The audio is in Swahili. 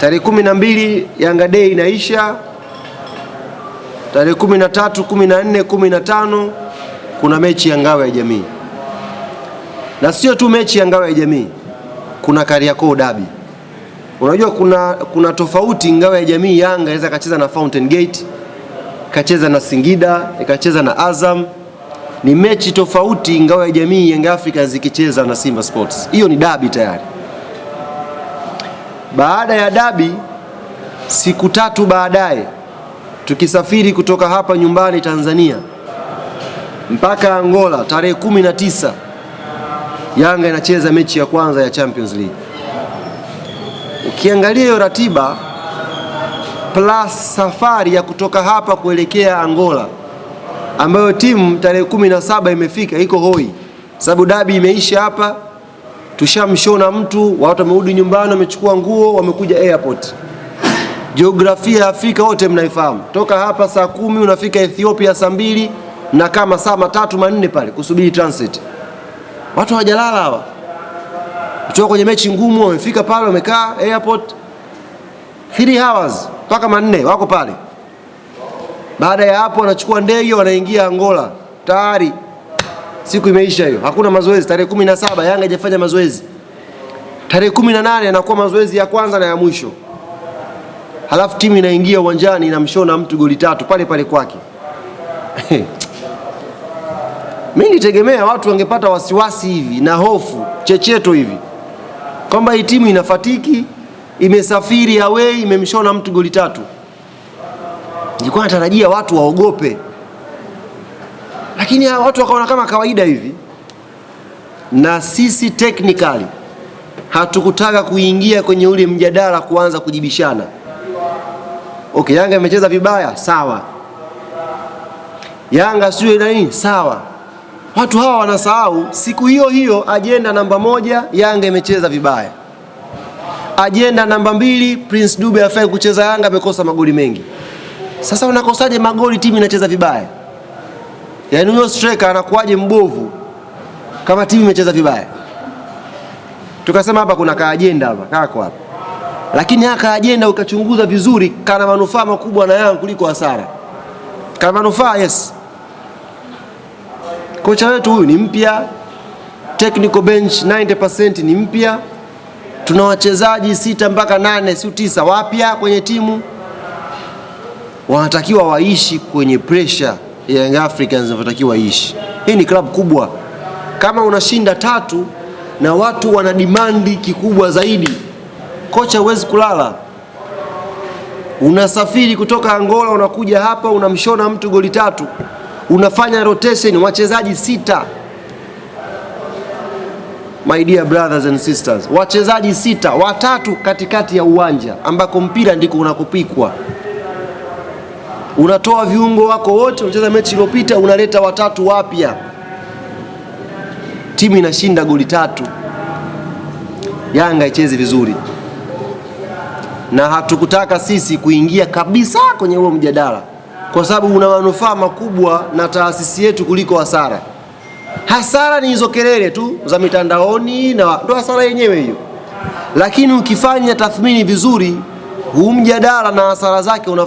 Tarehe kumi na mbili Yanga Day inaisha, tarehe kumi na tatu kumi na nne kumi na tano kuna mechi ya ngao ya jamii, na sio tu mechi ya ngao ya jamii, kuna Kariakoo Dabi. Unajua kuna, kuna tofauti. Ngao ya jamii Yanga inaweza kacheza na Fountain Gate, ikacheza na Singida, ikacheza na Azam. Ni mechi tofauti. Ngao ya jamii Yanga Africa zikicheza na Simba Sports, hiyo ni dabi tayari. Baada ya dabi, siku tatu baadaye, tukisafiri kutoka hapa nyumbani Tanzania mpaka Angola tarehe tisa Yanga inacheza mechi ya kwanza ya Champions League. Ukiangalia hiyo ratiba plus safari ya kutoka hapa kuelekea Angola ambayo timu tarehe 17 imefika iko hoi, sababu dabi imeisha hapa Tushamshona mtu, watu wamerudi nyumbani, wamechukua nguo, wamekuja airport. Jiografia ya Afrika wote mnaifahamu, toka hapa saa kumi unafika Ethiopia saa mbili na kama saa matatu manne pale kusubiri transit. Watu hawajalala hawa, kutoka kwenye mechi ngumu, wamefika pale, wamekaa airport 3 hours mpaka manne, wako pale. Baada ya hapo, wanachukua ndege, wanaingia Angola tayari siku imeisha hiyo, hakuna mazoezi. Tarehe kumi na saba Yanga haijafanya mazoezi, tarehe kumi na nane yanakuwa mazoezi ya kwanza na ya mwisho, halafu timu inaingia uwanjani inamshona mtu goli tatu pale pale kwake. Mi nitegemea watu wangepata wasiwasi hivi na hofu checheto hivi kwamba hii timu inafatiki, imesafiri away, imemshona mtu goli tatu. Nilikuwa natarajia watu waogope lakini hawa watu wakaona kama kawaida hivi, na sisi technically hatukutaka kuingia kwenye ule mjadala kuanza kujibishana. Okay, Yanga imecheza vibaya sawa, Yanga sio nini sawa. Watu hawa wanasahau siku hiyo hiyo, ajenda namba moja, Yanga imecheza vibaya. Ajenda namba mbili, Prince Dube afai kucheza, Yanga amekosa magoli mengi. Sasa unakosaje magoli timu inacheza vibaya? Yaani huyo striker anakuwaje mbovu kama timu imecheza vibaya? Tukasema hapa kuna kaajenda hapa, kako hapa. Lakini haka kaajenda ukachunguza vizuri, kana manufaa makubwa na Yanga kuliko hasara. Kana manufaa yes. Kocha wetu huyu ni mpya, technical bench 90% ni mpya, tuna wachezaji sita mpaka nane si tisa wapya kwenye timu, wanatakiwa waishi kwenye pressure Young Africans inavyotakiwa ishi. Hii ni klabu kubwa, kama unashinda tatu na watu wana dimandi kikubwa zaidi, kocha huwezi kulala. Unasafiri kutoka Angola unakuja hapa unamshona mtu goli tatu, unafanya rotation wachezaji sita. My dear brothers and sisters, wachezaji sita, watatu katikati ya uwanja ambako mpira ndiko unakopikwa unatoa viungo wako wote, unacheza mechi iliyopita, unaleta watatu wapya, timu inashinda goli tatu. Yanga ichezi vizuri, na hatukutaka sisi kuingia kabisa kwenye huo mjadala, kwa sababu una manufaa makubwa na taasisi yetu kuliko hasara. Hasara ni hizo kelele tu za mitandaoni, na ndo hasara yenyewe hiyo, lakini ukifanya tathmini vizuri huu mjadala na hasara zake una